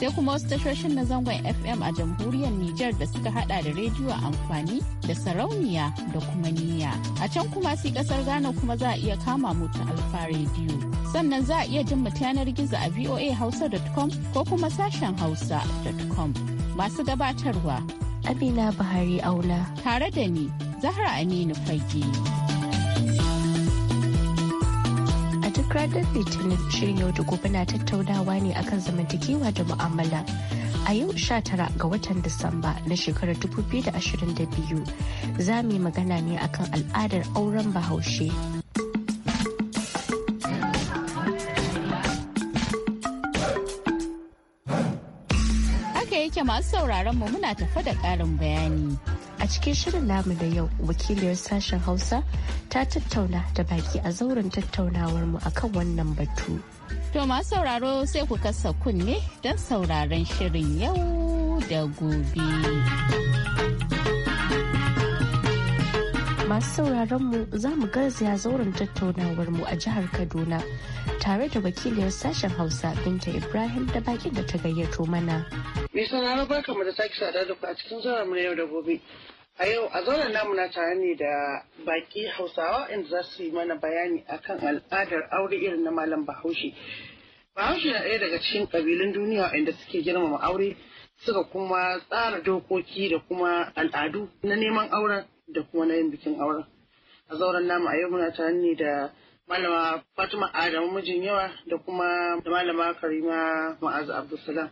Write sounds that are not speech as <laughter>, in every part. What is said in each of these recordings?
sai kuma wasu tashoshin na zangon FM a jamhuriyar Nijar da suka hada da rediyo a amfani da sarauniya da kuma niyya. A can kuma si kasar Ghana kuma za a iya kama mu ta Alfa Radio. Sannan za a iya jin mu yanar gizo a com ko kuma sashen hausa hausa.com. Masu gabatarwa. Amina Buhari Aula. Tare da ni, Zahra Aminu Fage. democratic litinin shirin yau da gobe na tattaunawa ne akan zamantakewa da mu'amala a yau 19 ga watan disamba na shekarar 2022 za mu yi magana ne akan al'adar auren bahaushe haka yake masu sauraron mu muna tafa da ƙarin bayani A cikin shirin namu da yau wakiliyar sashen Hausa ta tattauna da baki a zauren tattaunawar mu akan wannan batu. To masu sauraro sai ku kasa kunne don sauraron shirin yau da gobe. masu sauraron za mu garzaya zauren tattaunawar a jihar Kaduna tare da wakiliyar sashen Hausa Binta Ibrahim da bakin da ta gayyato mana. Mai sauraro barkamu da sake sada da ku a cikin zauren mu yau da gobe. A yau a zaunar namu na tare ne da baki Hausawa inda za su yi mana bayani akan al'adar aure irin na Malam Bahaushe. Bahaushe na ɗaya daga cikin ƙabilun duniya inda suke girmama aure suka kuma tsara dokoki da kuma al'adu na neman auren da kuma na yin bikin auren. A zauren namu a yau muna tare ne da Malama Fatima Adamu mijin yawa da kuma Malama Karima Ma'azu Abdulsalam.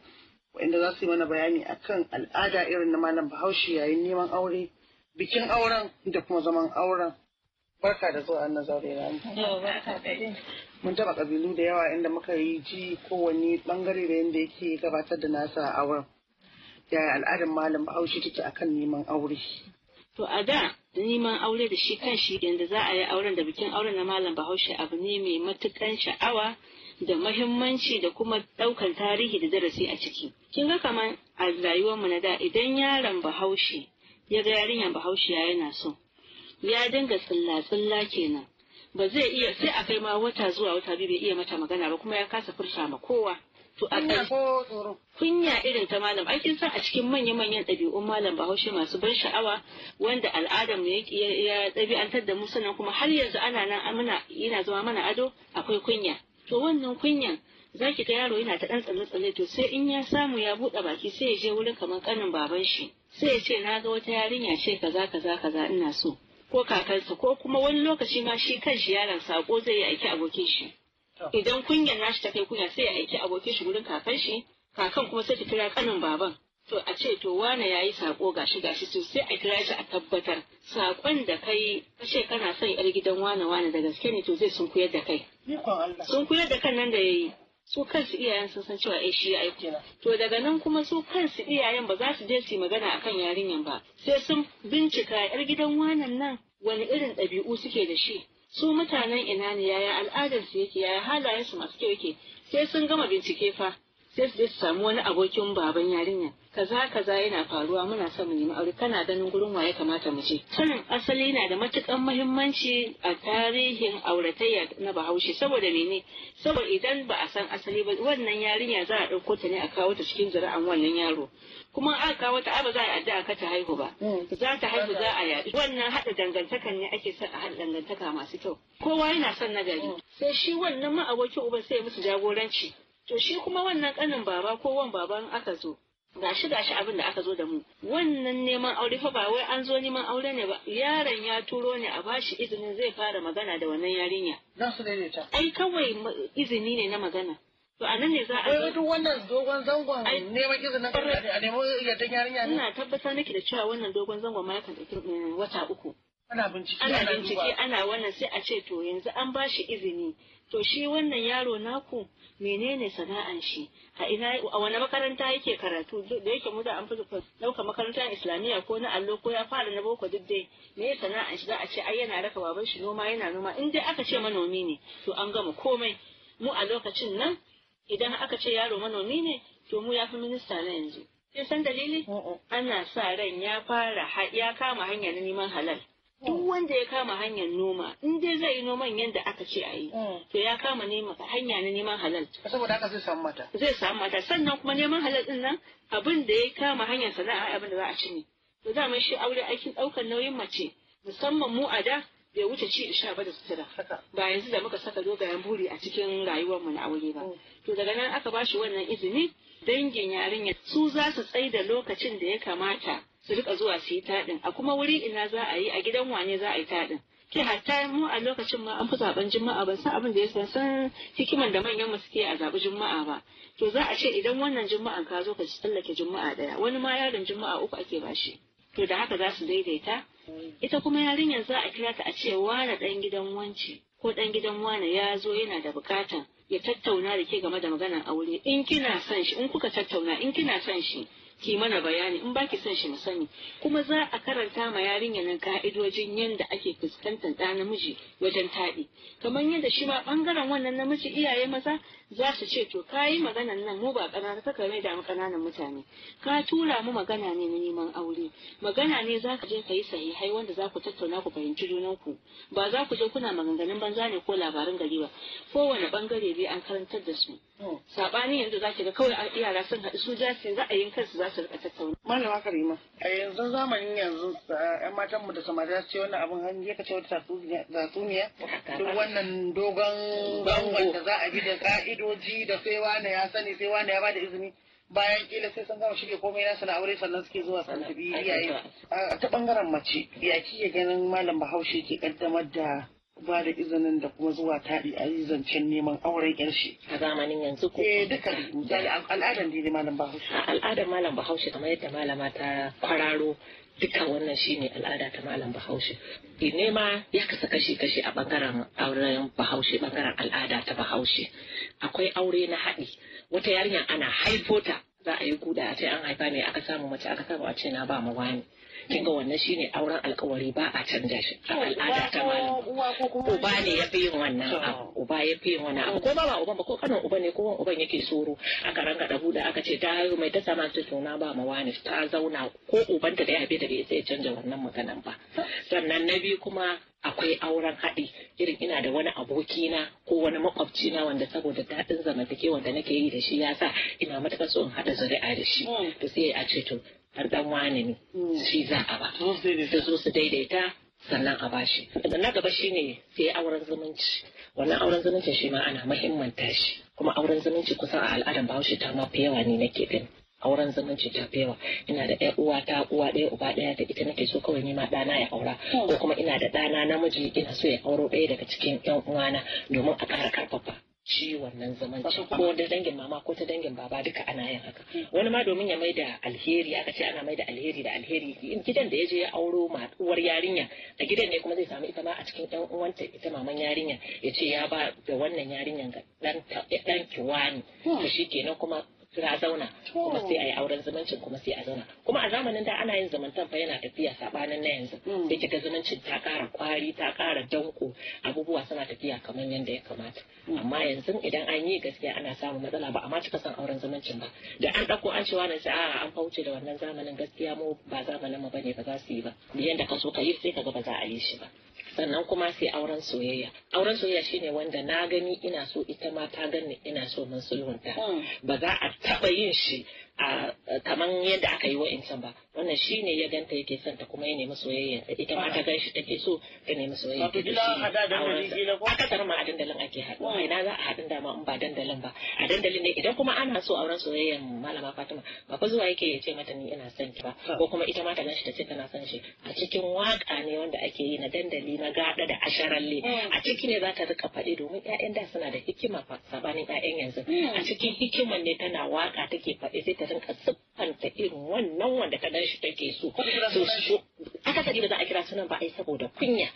wanda za su yi mana bayani akan al'ada irin na malam bahaushe yayin neman aure bikin auren da kuma zaman auren barka da zuwa na zaure na mun taba kabilu da yawa inda muka yi ji kowanne bangare da yadda yake gabatar da nasa auren yaya al'adar malam bahaushe take akan neman aure to a da neman aure da shi kan shi yadda za a yi auren da bikin auren na malam bahaushe abu ne mai matukan sha'awa da mahimmanci da kuma ɗaukar tarihi da darasi a ciki. Kin ga kamar a rayuwarmu na da idan yaron bahaushe ya ga yarinyar bahaushe ya yana so, ya dinga tsilla-tsilla kenan. Ba zai iya sai a kai ma wata zuwa wata biyu bai iya mata magana ba kuma ya kasa furta ma kowa. To a kunya irin ta malam ai kin san a cikin manya-manyan ɗabi'un malam Bahaushe masu ban sha'awa wanda al'adar mu ya ɗabi'antar da mu sannan kuma har yanzu ana nan yana zama mana ado akwai kunya. to wannan kunyan za ki ga yaro yana ta ɗan tsalle-tsalle to sai in ya samu ya buɗe baki sai ya je wurin kamar ƙanin baban shi sai ya ce na ga wata yarinya ce kaza kaza kaza ina so ko kakarsa ko kuma wani lokaci ma shi kan shi yaron sako zai yi aiki abokin shi idan kunyan nashi ta kai kunya sai ya aiki abokin shi wurin kakan shi kakan kuma sai ta kira ƙanin baban to a ce to wane ya yi sako gashi gashi to sai a kira shi a tabbatar Saƙon da kai ka ce kana son yar gidan wane wane da gaske ne to zai sunkuyar da kai Sun kula da kan nan da ya yi. Su kansu iyayen sun san cewa eh, shi ya aiko. To daga nan kuma su kansu iyayen ba za su je su magana akan yarinyan ba. Sai sun bincika yar gidan wanan nan wani irin ɗabi'u suke da shi. Su mutanen ina ne yaya al'adarsu yake yaya halayensu masu kyau yake. Sai sun gama bincike fa. sai su samu wani abokin baban yarinya kaza kaza yana faruwa muna son mu nemi aure kana ganin gurin wa ya kamata mu je sanin asali na da matukan muhimmanci a tarihin auratayya na Bahaushe saboda mene saboda idan ba a san asali ba wannan yarinya za a ɗauko ta ne a kawo ta cikin zuri'an wannan yaro kuma aka kawo ta ba za a addu'a ka ta haihu ba hmm. za ta haihu za a yaɗu wannan haɗa dangantaka ne ake son a haɗa dangantaka masu kyau kowa yana son nagari hmm. sai shi wannan ma uban sai musu jagoranci to shi kuma wannan kanin baba ko wan baban aka zo gashi gashi abin da aka zo da mu wannan neman aure fa ba wai an zo neman aure ne ba yaron ya turo ne a bashi izinin zai fara magana da wannan yarinya za su daidaita ai kawai izini ne na magana to a nan ne za a yi duk wannan dogon zangon neman izinin a nemo yardan yarinya ne ina tabbatar nake da cewa wannan dogon zangon ma yakan ɗauki mm, wata uku ana bincike ana bincike ana wannan sai a ce to yanzu an bashi izini to shi wannan yaro naku menene sana'an shi a ina a wani makaranta yake karatu da yake mu da an fi ɗauka makarantar islamiyya ko na allo ko ya fara na boko duk dai me sana'an shi za a ce ai yana raka baban shi noma yana noma in dai aka ce manomi ne to an gama komai mu a lokacin nan idan aka ce yaro manomi ne to mu ya fi minista na yanzu sai san dalili ana sa ran ya fara ya kama hanyar na neman halal duk mm. wanda ya kama hanyar noma in dai zai yi noman yadda aka ce a yi mm. to ya kama nema hanya na neman halal saboda haka zai samu mata zai samu mata sannan kuma neman halal din nan abin da ya kama hanyar sana'a abin da za a ci ne to za mu shi aure aikin daukar nauyin mace musamman mu a da bai wuce ci da ba da sutura ba yanzu da muka saka dogayen buri a cikin rayuwarmu na aure ba mm. to daga nan aka bashi wannan izini dangin yarinya su za su tsaida lokacin da ya kamata su rika zuwa su yi taɗin a kuma wuri ina za a yi a gidan wane za a yi taɗin ke hatta mu a lokacin ma an fi zaɓen juma'a ban san abin da ya san san hikiman da manyan mu suke a zaɓi juma'a ba to za a ce idan wannan juma'an ka zo ka tsallake juma'a ɗaya? wani ma yaron juma'a uku ake ba shi? to da haka za su daidaita ita kuma yarinyar za a kira ta a ce wane ɗan gidan wanci ko ɗan gidan wane ya zo yana da bukatan ya tattauna da ke game da maganar aure in kina son shi in kuka tattauna in kina son shi ki mana bayani in baki son shi mu sani kuma za a karanta ma yarinya nan ka'idojin yadda ake fuskantar ɗa namiji wajen taɗi kamar yadda shi ma ɓangaren wannan namiji iyaye maza za su ce to ka yi maganan nan mu ba ƙanana kaka mai damu ƙananan mutane ka tura mu magana ne na neman aure magana ne za ka je ka yi sahihai wanda za ku tattauna ku fahimci junan ku ba za ku je kuna maganganun banza ne ko labarin gari ba kowane ɓangare dai an karantar da su. sabani yanzu za ki ga kawai yara sun haɗu su za su ra'ayin kansu za su rika tattauna. Malama Karima. A yanzu zamanin yanzu 'yan matan mu da samariya ce wannan abin hanji ya ce wata tatsuniya. Duk wannan dogon bangon da za a bi da ka'idoji da sai wani ya sani sai wani ya bada izini. bayan kila sai sun gama shirya komai na sana aure sannan suke zuwa sana tabi A ta bangaren mace ya kike ganin malam bahaushe ke kaddamar da ba da izinin da kuma zuwa taɗi a yi zancen neman auren yar shi. A zamanin yanzu ko? Eh duka al'adar ne malam bahaushe. Al'adar malam bahaushe kamar yadda malama ta kwararo duka wannan shi ne al'ada ta malam bahaushe eh, nema ya kasa kashi-kashi a ɓangaren auren bahaushe ɓangaren al'ada ta bahaushe akwai aure na haɗi wata yarinya ana haifota za a yi guda a ce an haifa ne aka samu mace aka samu a ce na ba mu wani kin ga wannan shine auren alkawari ba a canja shi a al'ada ta malam uba ne ya fi yin wannan abu uba ya fi yin wannan abu ko ba ba uban ba ko kanin uba ne ko wani uban yake soro aka ranga da buɗe aka ce ta haihu mai ta sama ta tuna ba ma wani ta zauna ko uban ta da ya da da bai sai ya canja wannan maganan ba sannan na biyu kuma akwai auren haɗi irin ina da wani abokina ko wani makwabcina wanda saboda daɗin zamantakewa da nake yi da shi ya sa ina matuƙar so in haɗa zuri'a da shi hmm. to sai a ce to har dan wani ne mm. shi za a ba su zo su daidaita sannan a bashi na gaba shi ne sai auren zumunci wannan auren zumunci shi ma ana mahimmanta shi kuma auren zumunci kusan a al'adar bahaushe ta ma yawa ne nake gani auren zumunci ta yawa ina da ɗaya uwa ta uwa ɗaya uba ɗaya da ita nake so kawai nima ɗana ya aura hmm. ko kuma ina da ɗana namiji ina so ya auro ɗaya daga cikin yan uwana domin a ƙara ƙarfafa. Ciwon wannan zaman ko da dangin mama ko ta dangin baba duka ana yin haka wani ma domin ya maida alheri aka ce ana maida alheri da alheri in gidan da ya je ya auro uwar yarinya a gidan ne kuma zai samu ita ma a cikin yan uwanta ita maman yarinya ya ce ya ba da wannan yarinyan ga dan kiwani to kenan kuma suna zauna kuma sai a yi auren zumuncin kuma sai a zauna kuma a zamanin da ana yin zumuntan fa yana tafiya sabanin na yanzu da mm. kika zumuncin ta kara kwari ta kara danko abubuwa suna tafiya kamar yadda ya kamata mm. amma yanzu idan an yi gaskiya ana samun matsala ba amma cika san auren zumuncin ba da an dauko an ce sai a an fauce da wannan zamanin gaskiya mu ba zamanin mu bane ba za su yi ba yanda ka so ka yi sai ka ga ba za a yi shi ba sannan kuma sai auren soyayya auren soyayya shine wanda na gani ina so ita ma ta gani ina so mun sulhunta hmm. ba za a taɓa yin shi a yadda aka yi wa'incan ba wannan shi ne ya ganta yake son kuma ya nemi soyayya ita ma ta gan shi take so ta nemi soyayya ta shi a kasar ma a dandalin ake haɗuwa ina za a haɗin dama in ba dandalin ba a dandalin ne idan kuma ana so auren soyayyan malama Fatima ba fa zuwa yake ya ce mata ni ina san ki ba ko kuma ita ma ta gan ta ce tana san shi a cikin waka ne wanda ake yi na dandali na gaɗa da asharalle hmm. a ciki ne za ta rika faɗi domin ƴaƴan da suna da hikima sabanin ƴaƴan yanzu hmm. a cikin hikiman ne tana waka take faɗi sai ta rinka siffanta irin wannan wanda ta matar shi take so akasari ba za a kira sunan ba ai saboda kunya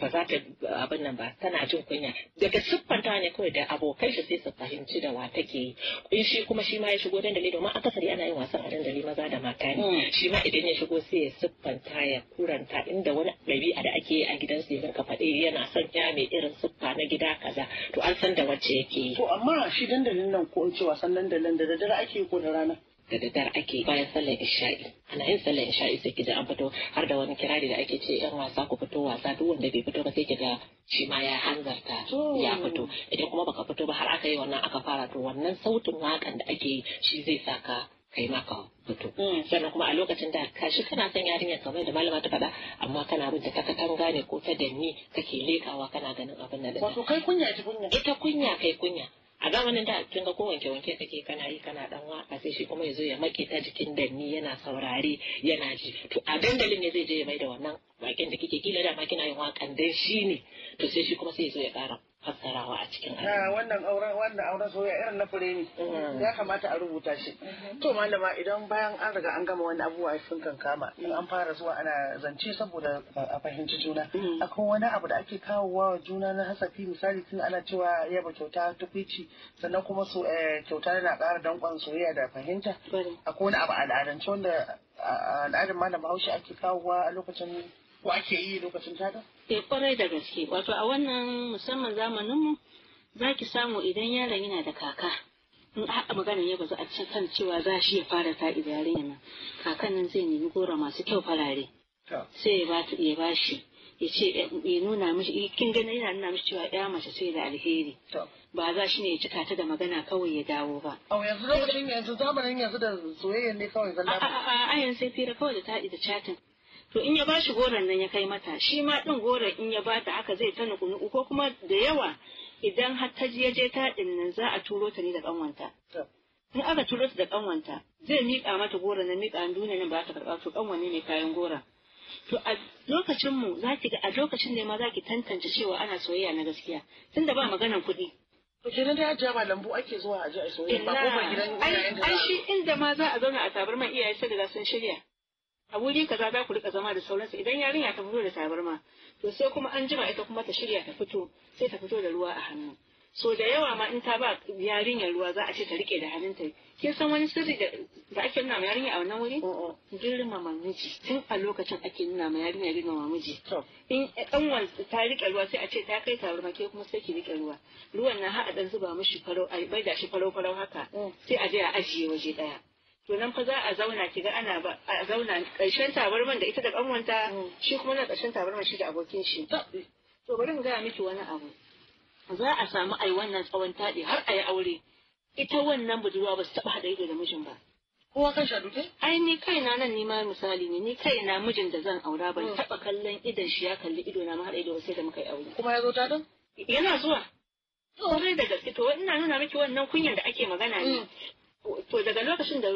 ba za ta abin nan ba tana jin kunya daga siffanta ne kawai da abokai shi sai su fahimci da wa take yi in shi kuma shi ma ya shigo dandali domin akasari ana yin wasan a dandali maza da mata ne mm. shi ma idan ya shigo sai ya siffanta ya kuranta inda wani ɗabi'a da ake yi a gidansu ya rinka faɗi yana son ya mai irin siffa na gida kaza to an san da wacce yake yi. to amma shi dandalin nan ko in ce wasan dandalin da daddare ake ko da rana. da daddare ake bayan sallar isha'i ana yin sallar isha'i sai kida an fito har da wani kirari da ake ce yan wasa ku fito wasa duk wanda bai fito ba sai kida shi ma ya hanzarta ya fito idan kuma baka fito ba har aka yi wannan aka fara to wannan sautin wakan da ake yi shi zai saka kai ma fito hmm. sannan kuma a lokacin da kashi kana son yarinyar kamar da malama ta faɗa amma kana bin ta ka kan ne ko ta danni kake lekawa kana ganin abin da wato kai kunya ita kunya kai kunya a zamanin da kin ga ko wanke wanke kake kana yi kana dan waka sai shi kuma yazo ya make ta jikin danni yana saurare yana ji to a dandalin ne zai je ya da wannan bakin da kike kila da ma kina yin wakan dan shi ne to sai shi kuma sai yazo ya kara fassarawa a cikin ah, hadisi. wannan auren wannan auren soyayya irin na fure ne. Mm. Ya kamata a rubuta shi. Mm-hmm. To malama idan bayan an riga an gama wani abubuwa sun kankama in an fara zuwa ana zance saboda eh, a fahimci juna. Mm. Akwai wani abu da ake kawowa wa juna na hasafi misali tun ana cewa yaba kyauta tukwici sannan kuma eh, kyauta na ƙara danƙon soyayya da fahimta. Akwai wani abu al'adance wanda al'adar malam haushi ake kawowa a lokacin ko ake yi lokacin tada? Ke eh, kwarai da gaske wato a wannan musamman zamaninmu za ki samu idan yaron yana da kaka in haɗa magana ya bazu a kan cewa za shi ya fara ta idarin yana kakan nan zai nemi gora masu kyau farare sai ya ba ya ba shi ya ce ya nuna mishi eh, kin gani yana nuna mishi cewa ya mace sai da alheri ba za shi ne ya cika ta da magana kawai ya dawo ba. A yanzu lokacin yanzu zamanin yanzu da soyayya ne kawai zalla. A A'a, a yanzu sai fira kawai da ta da chatin. to in ya ba shi goron nan ya kai mata shi ma ɗin goron in ya bata haka zai ta nuku ko kuma da yawa idan har ta je je ta ɗin nan za a turo ta ne da ƙanwanta. in aka turo ta da ƙanwanta zai mika mata goron nan mika an duniya nan ba ta karɓa to kanwanne ne kayan goron to a lokacin mu za ki ga a lokacin ne ma za ki tantance cewa ana soyayya na gaskiya tunda ba maganan kuɗi kenan da hajiya ba lambu ake zuwa a ji a soyayya ba ko ba gidan iyayen da ai shi inda ma za a zauna a man iyaye sai da sun shirya a wuri kaza za ku rika zama da sauransu idan yarinya ta fito da tabarma to sai kuma an jima ita kuma ta shirya ta fito sai ta fito da ruwa a hannu so da yawa ma in ta ba yarinyar ruwa za a ce ta rike da hannunta kin san wani sirri da ake nuna ma yarinya a wannan wuri ma miji tun a lokacin ake nuna ma yarinya girmama miji in ɗan ta rike ruwa sai a ce ta kai tabarma ke kuma sai ki rike ruwa ruwan na har a dan zuba mishi farau a bai da shi farau farau haka mm. sai a je a ajiye waje daya to nan fa za a zauna ki ga ana ba a zauna karshen tabarman da ita da kanwanta mm. shi kuma na karshen tabarman shi da abokin shi to bari mu gaya miki wani abu za a samu ai wannan tsawon taɗi har a yi aure ita wannan budurwa ba su taɓa haɗa ido da mijin ba kowa kan shaɗu ke? Ai ni kaina nan ni ma misali ne ni kaina mijin da zan aura ban mm. taɓa kallon idon shi ya kalli ido na ma haɗa ido sai da muka yi aure. Kuma ya zo ta don? Yana zuwa. Kwarai da gaske to ina nuna miki wannan kunyan da ake magana ne. Mm. To daga lokacin da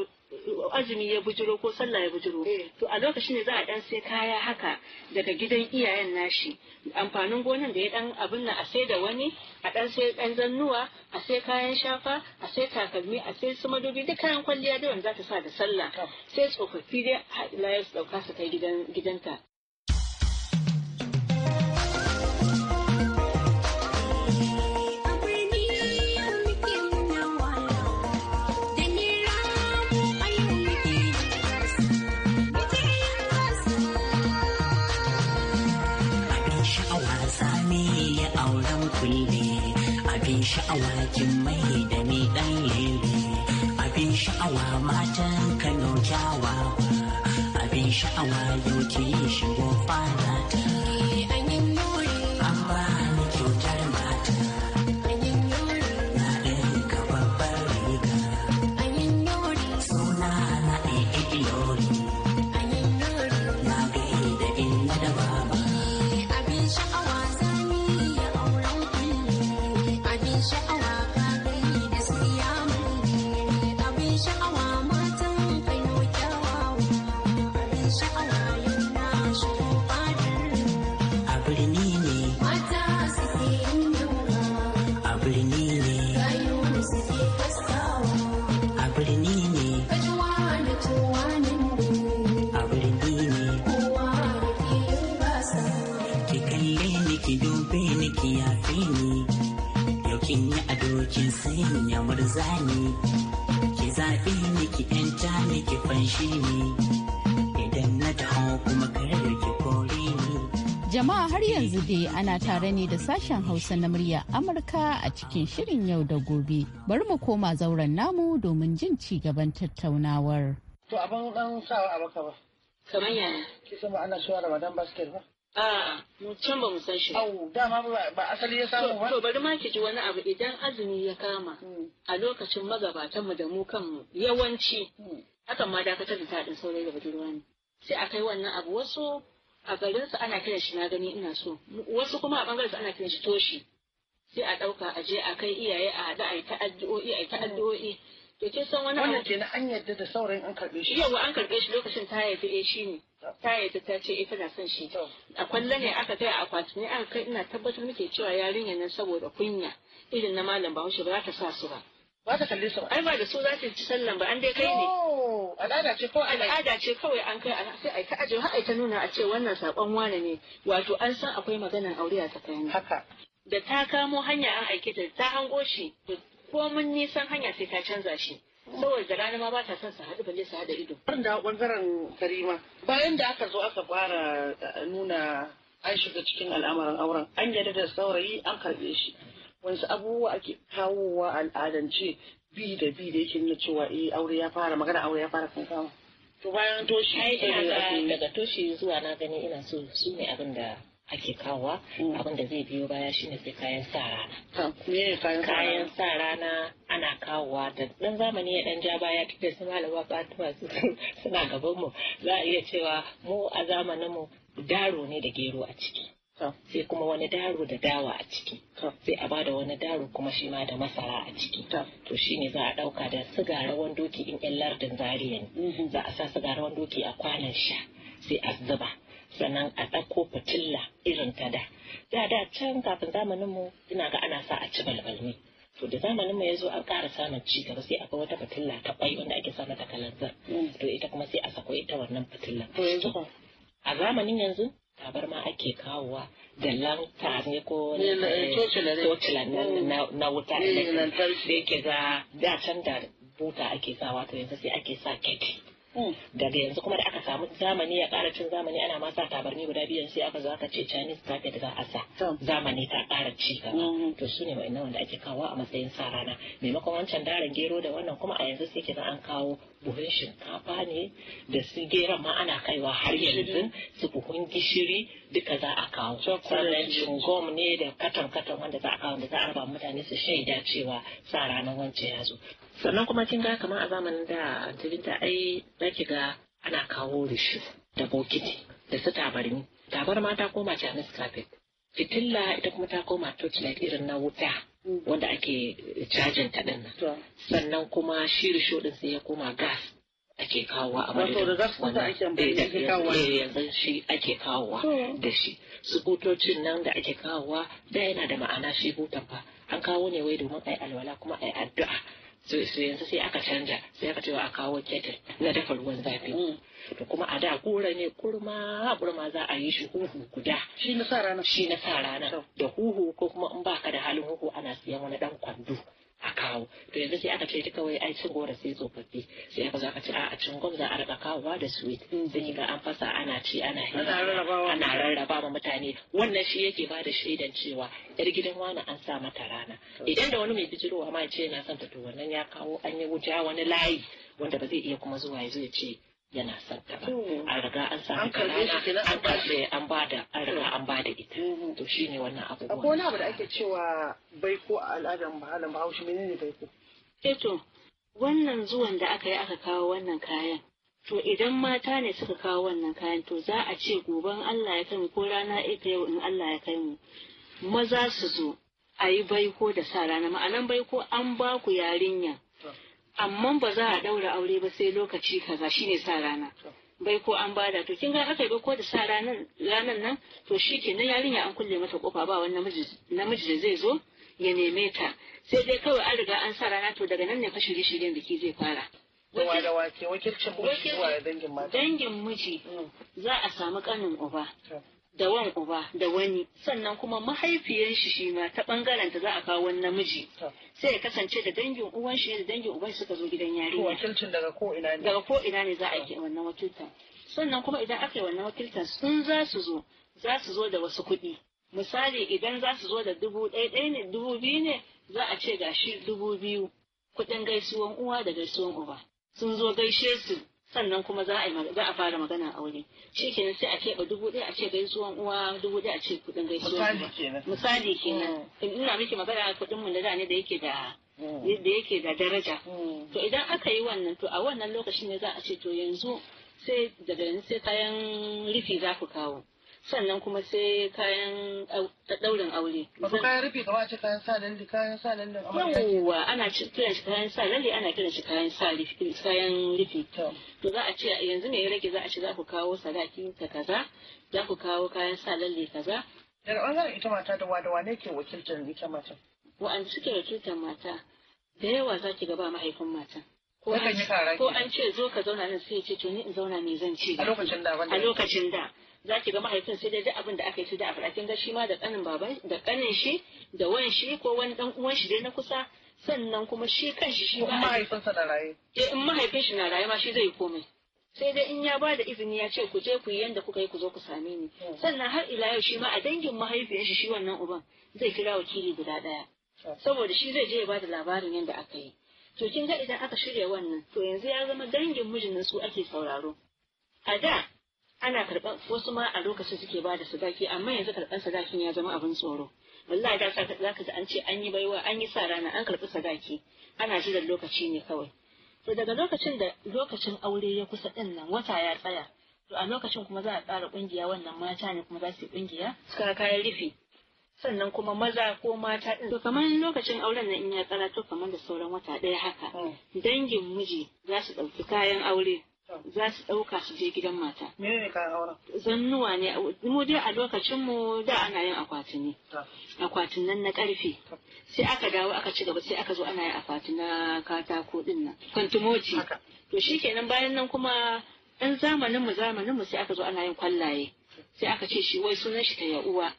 azumi ya bujiro ko sallah ya bujiro eh. to a lokacin ne za a dan sai kaya haka daga gidan iyayen nashi amfanin gonan da ya dan abin nan a sai da wani a dan sai dan zannuwa a sai kayan shafa a sai takalmi a sai su madubi duk kayan kwalliya da wanda za ta sa da sallah sai tsofaffi dai la ya dauka su kai gidan gidanta sha'awa kin mai da ni dan lele abin sha'awa matan Kano kyawawa abin sha'awa yau ki shigo fara yanzu dai ana tare ne da sashen Hausa na murya Amurka a cikin shirin yau da gobe. Bari mu koma zauren namu domin jin ci gaban tattaunawar. To abin dan sawa a baka ba. Kamar yana. Kisa ba ana cewa Ramadan basket ba. a mu can ba mu san shi. Au, dama ba asali ya samu ba. To bari ma ki ji wani abu idan azumi ya kama hmm. a lokacin magabatan mu da mu kanmu yawanci. Hmm. Hakan ma dakatar da tadin saurayi da budurwa ne. Sai a kai wannan abu wasu a garin su ana kiran shi na gani ina so wasu kuma a bangaren su ana kiran shi toshi sai a dauka a je a kai iyaye a hada a yi ta addu'o'i a yi ta addu'o'i to kin san wani wannan kenan an yarda da saurayin an karɓe shi yawa an karɓe shi lokacin ta haifi eh shi ne ta haifi ta ce eh tana son shi a kwallo ne aka kai a akwati ne aka kai ina tabbatar muke cewa yarinyar nan saboda kunya irin na malam bahaushe ba za ta sa su ba ba ta kalli sun ai ba da su za ta ci sallan ba an dai kai ne al'ada ce al'ada ce kawai an kai sai ai ta aje har ai ta nuna a ce wannan sakon wane ne wato an san akwai maganar aure a tsakanin haka da ta kamo hanya an aike ta ta hango shi ko mun nisan hanya sai ta canza shi saboda da rana ma ba ta son su haɗu balle su haɗa ido. Barin da ɓangaren Karima bayan da aka zo aka fara eh, nuna an shiga cikin al'amarin auren an yarda da saurayi an karɓe shi wasu abubuwa ake kawowa al'adance bi da bi da yake nuna cewa eh aure ya fara magana aure ya fara kan kawo. to bayan toshi eh, daga toshi zuwa na gani ina so su ne abin da ake kawowa mm. abin da zai biyo baya shine sai kayan sa rana kayan sa rana ana kawowa da dan zamani ya dan ja baya tunda su malama fatuwa <laughs> suna gaban mu za a iya cewa mu a zamanin mu daro ne da gero a ciki sai kuma wani daro da dawa a ciki sai a bada wani daro kuma shi ma da masara a ciki to shine za a dauka da siga rawan doki in yan lardin zariya ne mm-hmm. za a sa siga rawan doki a kwanan sha sai a zuba sannan a ɗauko fitilla irin ta da da da can kafin zamanin mu ina ga ana sa a ci balbalmi to da zamanin mu zo an ƙara samun ci gaba sai akwai wata fitilla ta kwai wanda ake sa mata kalanzir mm. to ita kuma sai a sako ita wannan fitillan a zamanin yanzu ma ake kawowa da lanta ne ko eh, eh, mm. na wuta mm, da yake za da can da buta ake sawa ta yanzu sai ake sa keti Hmm. daga yanzu kuma da aka samu zamani ya ƙara cin zamani ana ma sa tabarni guda biyan sai aka zo aka ce Chinese carpet za a sa zamani ta ƙara ci gaba hmm. to su ne wa'annan wanda ake kawo a matsayin sa rana maimakon wancan daren gero da wannan kuma a yanzu sai ke an kawo buhun shinkafa ne da su geron ma ana kaiwa har yanzu su buhun gishiri duka za a kawo sannan cingom ne da katon katon wanda za a kawo da za a raba mutane su shaida cewa sa ranar wancan ya zo sannan kuma kin ga kamar a zamanin da tilinta ai za ki ga ana kawo rishi da bokiti da su tabarmi tabarma ta koma chinese carpet fitilla ita kuma ta koma torchlight irin na wuta wanda ake cajin ta din nan sannan kuma shi risho din sai ya koma gas ake kawowa a madadin eh, da gas da ake kawowa eh, yanzu shi ake kawowa da shi sukutocin nan da ake kawowa da yana da ma'ana shi hutan fa an kawo ne wai domin ai alwala kuma ai addu'a so yanzu sai aka canja sai aka cewa a kawo ketil na dafa ruwan zafi mm. to kuma a da kura ne kurma kurma za a yi shi huhu guda shi na sa rana shi na sa rana da huhu ko kuma in baka da halin huhu ana siyan wani dan kwando a kawo to yanzu sai aka ce ta kawai ai cin gora sai tsofaffi sai aka zo aka ce a cin gwam za a rika kawowa da sweet mm-hmm. sai ga an fasa ana ci ana ana rarraba wa mutane wannan shi yake ba da shaidan cewa yar gidan wani an sa mata rana idan da wani mai bijirowa ma ya ce yana son ta to wannan ya kawo an yi wuta wani layi wanda ba zai iya kuma zuwa ya zo ya ce yana saddaba hmm. an riga an samu kanana an kashe an bada an riga an bada ita hmm. Hmm. to shine wannan abubuwan akwai wani abu da ake cewa baiko a al'adar malam bahaushe menene baiko eh to wannan zuwan da aka yi aka kawo wannan kayan to idan mata ne suka kawo wannan kayan to za a ce goben Allah ya kai ko rana ita yau in Allah ya kai mu maza su zo a yi baiko da sa rana ma'anan baiko an ba ku yarinya amma ba za a ɗaura aure ba sai lokaci kaza ne sa rana bai ko an bada to kin ga aka ba ko da sa ranan ranan nan to shi ke na yarinya an kulle mata kofa ba wani namiji namiji da zai zo ya neme ta sai dai kawai an riga an sa rana to daga nan ne fa shirye-shiryen biki zai fara wakilcin dangin miji za a samu kanin uba da wan uba da wani sannan kuma mahaifiyar shi shi ma ta bangaren ta za a kawo wani namiji sai ya kasance da dangin uwan shi da dangin uban suka zo gidan yarinya wakilcin daga ko ina ne daga ko ina ne za a yi wannan wakiltan sannan kuma idan aka yi wannan wakiltan sun za su zo za su zo da wasu kuɗi misali idan za su zo da dubu ɗaya ɗaya ne dubu biyu ne za a ce gashi dubu biyu kuɗin gaisuwan uwa da gaisuwan uba sun zo gaishe su sannan kuma za a fara magana a fara magana aure shikenan sai a keɓe dubu ɗaya a ce gaisuwan uwa dubu ɗaya a ce kuɗin gaisuwan misali kenan mm. ina miki magana kuɗin mu da da da yake da mm. da yake da daraja mm. to idan aka yi wannan to a wannan lokacin ne za a ce to yanzu sai daga yanzu sai kayan rufi za ku kawo sannan kuma sai kayan ɗaurin aure. Wato kayan rufe kama a ce kayan sa lalle kayan sa lalle Yawwa ana kiran shi kayan sa lalle ana kiran shi kayan sa kayan rufe. To za a ce yanzu me ya rage za a ce za ku kawo sadaki ka kaza za ku kawo kayan sa lalle kaza. Da ɓangaren ita mata da wada wane ke wakiltar ita mata? Wa'anda suke wakiltar mata da yawa za ki gaba mahaifin matan. ko an ce zo ka zauna nan sai ce to ni in zauna me zan ci a lokacin da za ki ga mahaifin sai dai abin da aka yi su da a kin ga shi ma da kanin baban da kanin shi da wan shi ko wani dan uwan shi dai na kusa sannan kuma shi kanshi shi ma sa na raye eh in mahaifin shi na raye ma shi zai komai sai dai in ya bada izini ya ce ku je ku yi yanda kuka yi ku zo ku same ni hmm. sannan har ila yau shi ma a dangin mahaifin shi shi wannan uban zai kira wakili guda daya hmm. saboda shi zai je ya ba da labarin yanda aka yi to kin ga idan aka shirya wannan to yanzu ya zama dangin mijinin su ake sauraro a da ana karɓar wasu ma a lokacin suke ba da sadaki amma yanzu karɓar sadakin ya zama abin tsoro wallahi da sa za ka an ce an yi baiwa an yi sa rana an karɓi sadaki ana jiran lokaci ne kawai to daga lokacin da lokacin aure ya kusa din nan wata ya tsaya to a lokacin kuma za a ƙara ƙungiya wannan mata ne kuma za su yi ƙungiya suka kayan rufi sannan kuma maza ko mata ɗin to kamar lokacin auren nan in ya tsara to kamar da sauran wata ɗaya haka hmm. dangin miji za su ɗauki kayan aure za su ɗauka su je gidan mata. Menene kayan aure. Zannuwa ne, mu dai a lokacin mu da ana yin ne. Akwatin nan na ƙarfe. Sai aka dawo aka ci gaba sai aka zo ana yin akwati na katako ɗin nan. Kwantumoci. To shi kenan bayan nan kuma ɗan zamanin mu zamanin mu sai aka zo ana yin kwallaye. Sai aka ce shi wai sunan shi ta ya uwa.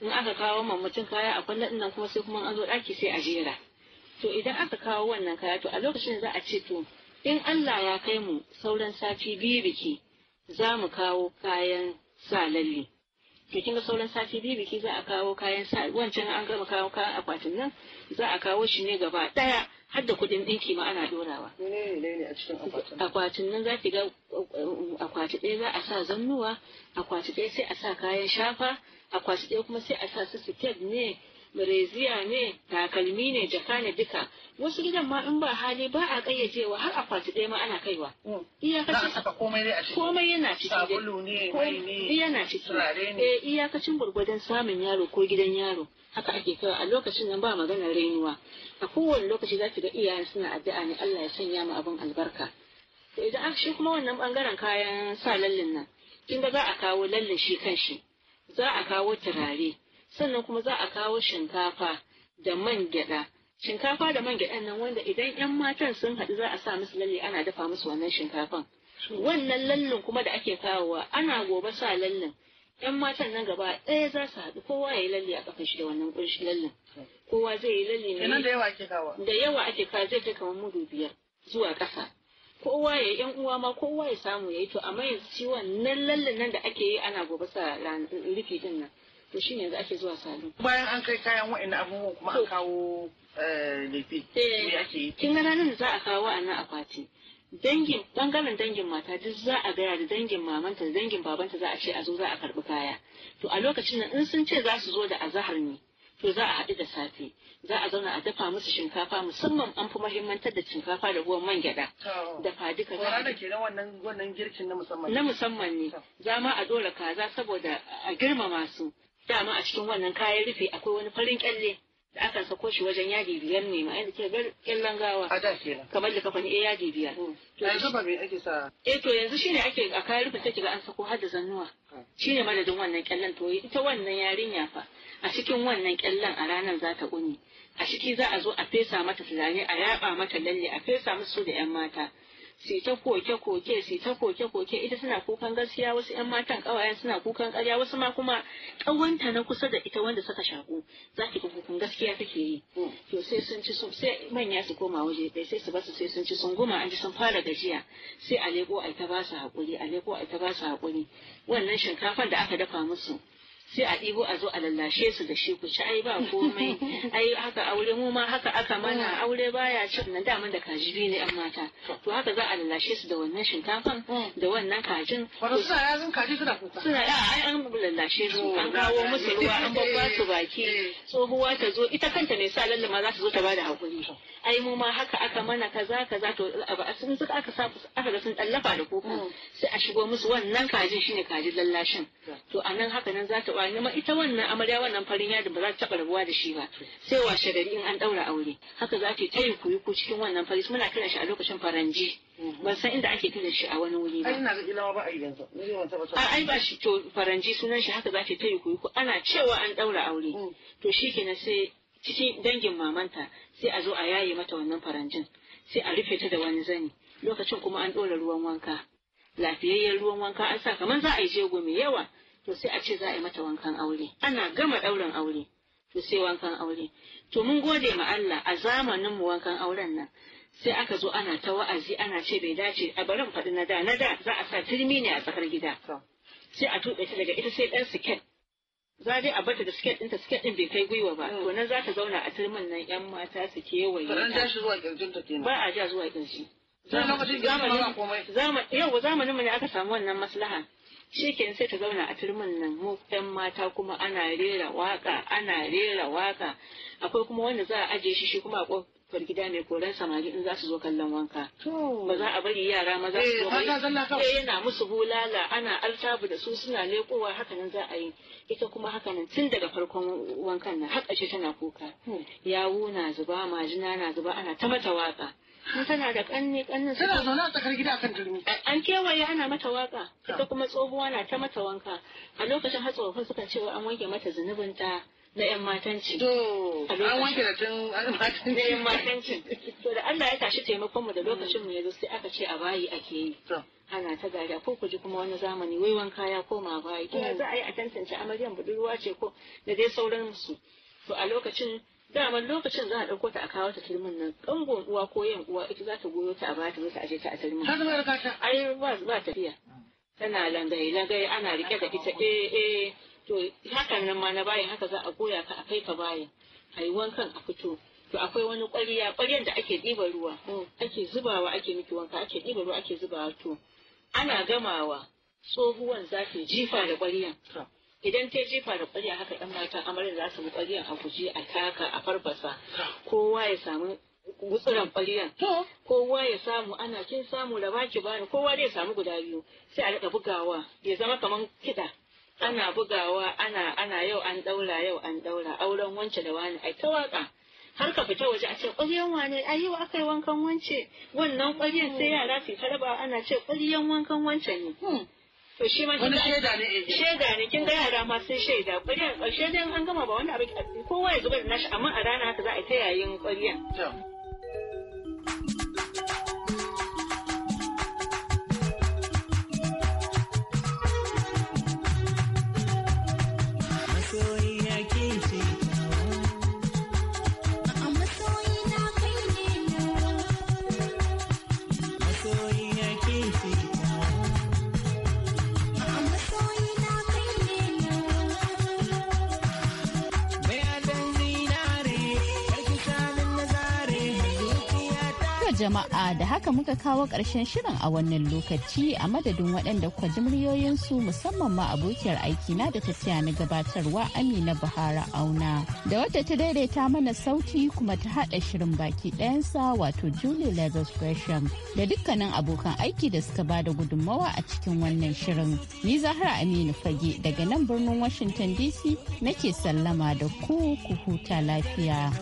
In aka kawo ma mutum kaya a kwallon nan kuma sai kuma an zo ɗaki sai a jera. To idan aka kawo wannan kaya to a lokacin za a ce to in Allah ya kai mu sauran sati biyu biki za mu kawo kayan sa lalle to kinga sauran sati biyu biki za a kawo kayan sa wancan an gama kawo kayan akwatin nan za a kawo shi ne gaba daya har da kudin ɗinki ma ana dorawa akwatin nan za ki ga akwati ɗaya za a sa zannuwa akwati ɗaya sai a sa kayan shafa akwati ɗaya kuma sai a sa su ne bireziya ne takalmi ne jaka ne duka wasu gidan ma in ba hali ba a kayyajewa har akwati ɗaya ma ana kaiwa hmm. iyakacin komai yana ciki sabulu yana ciki eh, iyakacin gwargwadon samun yaro ko gidan yaro haka ake kawo a lokacin nan ba maganar rainuwa a kowane lokaci za ki ga iyayen suna addu'a ne Allah ya sanya mu abin albarka Idan idan shi kuma wannan bangaren kayan sa lallin nan kin ga za a kawo lallin shi kan shi za a kawo turare sannan kuma za a kawo shinkafa da man gyaɗa shinkafa da man gyaɗan nan wanda idan 'yan matan sun haɗu za a sa musu lalle ana dafa musu wannan shinkafan wannan lallin kuma da ake kawowa ana gobe sa lallin 'yan matan nan gaba ɗaya za su haɗu kowa ya yi lalle a kafin shi da wannan ƙunshi lallin kowa zai yi lalle ne da yawa ake kawo da yawa ake kawo zai kai kamar mudu biyar zuwa ƙasa kowa ya yan uwa ma kowa ya samu ya yi to amma yanzu ciwon nan lallin nan da ake yi ana gobe sa rufi din nan to shine yanzu ake zuwa salo. bayan an kai kayan wa'annan abubuwan kuma an kawo eh, lefe ne eh, ake yi kin gana nan za a kawo wa'annan akwati dangin bangaren dangin mata duk za a gaya da dangin mamanta da dangin babanta za a ce a zo za a karbi kaya to a lokacin nan in sun ce za su zo da azahar ne to za a haɗu da safe za a zauna a dafa musu shinkafa musamman an fi mahimmantar da shinkafa da ruwan man gyaɗa da fadika ta wannan girkin na musamman na musamman ne za ma a dora kaza saboda a girmama su dama a cikin wannan kayan rufe akwai wani farin kyalle da aka sako shi wajen yaji biyar ne ma yanzu ke kyallen gawa a da kamar da kafa eh yaji biyar yanzu ba me ake sa eh to yanzu shine ake a kayan rufe take ga an sako har da zannuwa ah. shine madadin wannan kyallen to ita wannan yarinya fa a cikin wannan kyallen a ranar za ta ƙuni a ciki za a zo a fesa mata fulani a yaba mata lalle a fesa musu da yan mata su ta koke koke su ta koke koke ita suna kukan gaskiya wasu yan matan kawayen suna kukan karya wasu ma kuma kawanta na kusa da ita wanda suka shaku za ki ga kukan gaskiya take yi to sai sun ci sun sai manya su koma waje dai sai su basu sai sun ci sun goma an ji sun fara gajiya sai a leko a ta ba su haƙuri a leko a ta ba su haƙuri wannan shinkafan da aka dafa musu sai a ɗibo a zo a lallashe su da shi ku ci ai ba komai <laughs> ai haka aure mu ma haka aka mana aure baya cin nan daman da kaji biyu ne an mata to haka za a lallashe su da wannan shinkafan mm. da wannan kajin wato suna yazin kaji suna kuka suna da ai an lallashe su an kawo musu ruwa an babba su baki eh, eh. tsohuwa ta zo ita kanta mai sa lallama za ta zo ta bada hakuri ai mu ma haka aka mana kaza kaza to sun suka aka sa aka ga sun tallafa da koko mm. sai a shigo musu wannan kajin shine kajin lallashin to anan haka nan za ta karba ma ita wannan amarya wannan farin yadin ba za ta taba rabuwa da shi ba sai washe gari in an daura aure haka za ta yi tayi yi ko cikin wannan farin muna kiran shi a lokacin faranji ban san inda ake kiran shi a wani wuri ba ai ina ga ilama ba a gidansa ai ba shi to faranji sunan shi haka za ta yi ku ko ana cewa an ɗaura aure mm. to shikenan sai cikin dangin mamanta sai a zo a yaye mata wannan faranjin sai a rufe ta da wani zani lokacin kuma an ɗora ruwan wanka lafiyayyen ruwan wanka an sa kamar za a yi jego mai yawa to sai a ce za a yi mata wankan aure ana gama ɗaurin aure to sai wankan aure to mun gode ma Allah a zamanin mu wankan auren nan sai aka zo ana ta wa'azi ana ce bai dace a mu faɗi na da na da za a sa turmi ne a tsakar gida sai a tuɓe ta daga ita sai ɗan siket za dai a bata da siket ɗinta siket ɗin bai kai gwiwa ba mm. to nan za ta zauna a turmin nan ƴan mata su kewaye ba a ja zuwa kirji zamanin mu ne aka samu wannan maslaha ke sai ta zauna a firmin nan mu yan mata kuma ana rera waka ana rera waka akwai kuma wanda za a ajiye shi shi kuma a kofar gida mai koran samari in za su zo kallon wanka ba za a bari yara maza su eh, zo eh, yana musu hulala. ana altabu da su suna lekowa hakanan za a yi ita kuma hakanan tun daga farkon wankan nan shi tana kuka hmm. yawu na zuba majina na zuba ana ta mata waka tana da kanne kannin tana zaune a tsakar gida kan turmi an kewaye ana mata waka ita kuma tsohuwa na ta mata wanka a lokacin hatsofin suka ce an wanke mata zunubinta na yan matanci an wanke da tun na yan matanci to da Allah ya tashi taimakon mu da lokacin mu yazo sai aka ce a bayi ake yi ana ta gari ko ku ji kuma wani zamani wai wanka ya koma bayi kina za a yi a tantance amaryan budurwa ce ko da dai sauransu to a lokacin daman lokacin za a ɗauko ta a kawo ta filmin nan ƙangon uwa ko yan uwa ita za ta goyo ta a bata mata aje ta a ta. ai ba tafiya tana langaye langaye ana rike da ita eh eh to hakan nan ma na bayan haka za a goya ka a kai ka bayan ai wankan a fito to akwai wani ƙwarya ƙwaryan da ake ɗiba ruwa ake zubawa ake miki wanka ake ɗiba ruwa ake zubawa to ana gamawa tsohuwan za ta jifa da ƙwaryan idan ta jefa da kwarya haka ɗan matan amarin za su bi a guji, a taka a farfasa kowa ya samu gutsuran kwaliyan kowa ya samu ana kin samu da baki bani kowa zai samu guda biyu sai a rika bugawa ya zama kaman kiɗa ana bugawa ana ana yau an daura yau an daura auren wance da wani ai ta waka har ka fita waje a ce ƙwaryan wane ai yau aka yi wankan wance wannan ƙwaryan sai yara su ta raba ana ce ƙwaryan wankan wance ne hmm. to shi ma wani shaida ne eh, eh. shaida ne kin ga yara ma sun shaida ƙwaryan ƙarshe dai an gama ba wani abu kowa ya zubar da nashi amma a rana haka za a ta yayin ƙwaryan jama'a da haka muka kawo ƙarshen shirin a wannan lokaci a madadin waɗanda kwa ji muryoyinsu musamman ma abokiyar aiki na da tafiya na gabatarwa Amina Bahara Auna. Da wata ta daidaita mana sauti kuma ta haɗa shirin baki ɗayansa wato Julie Lagos Gresham da dukkanin abokan aiki da suka bada gudunmawa a cikin wannan shirin. Ni Zahra Aminu Fage daga nan birnin Washington DC nake sallama da ku ku huta lafiya.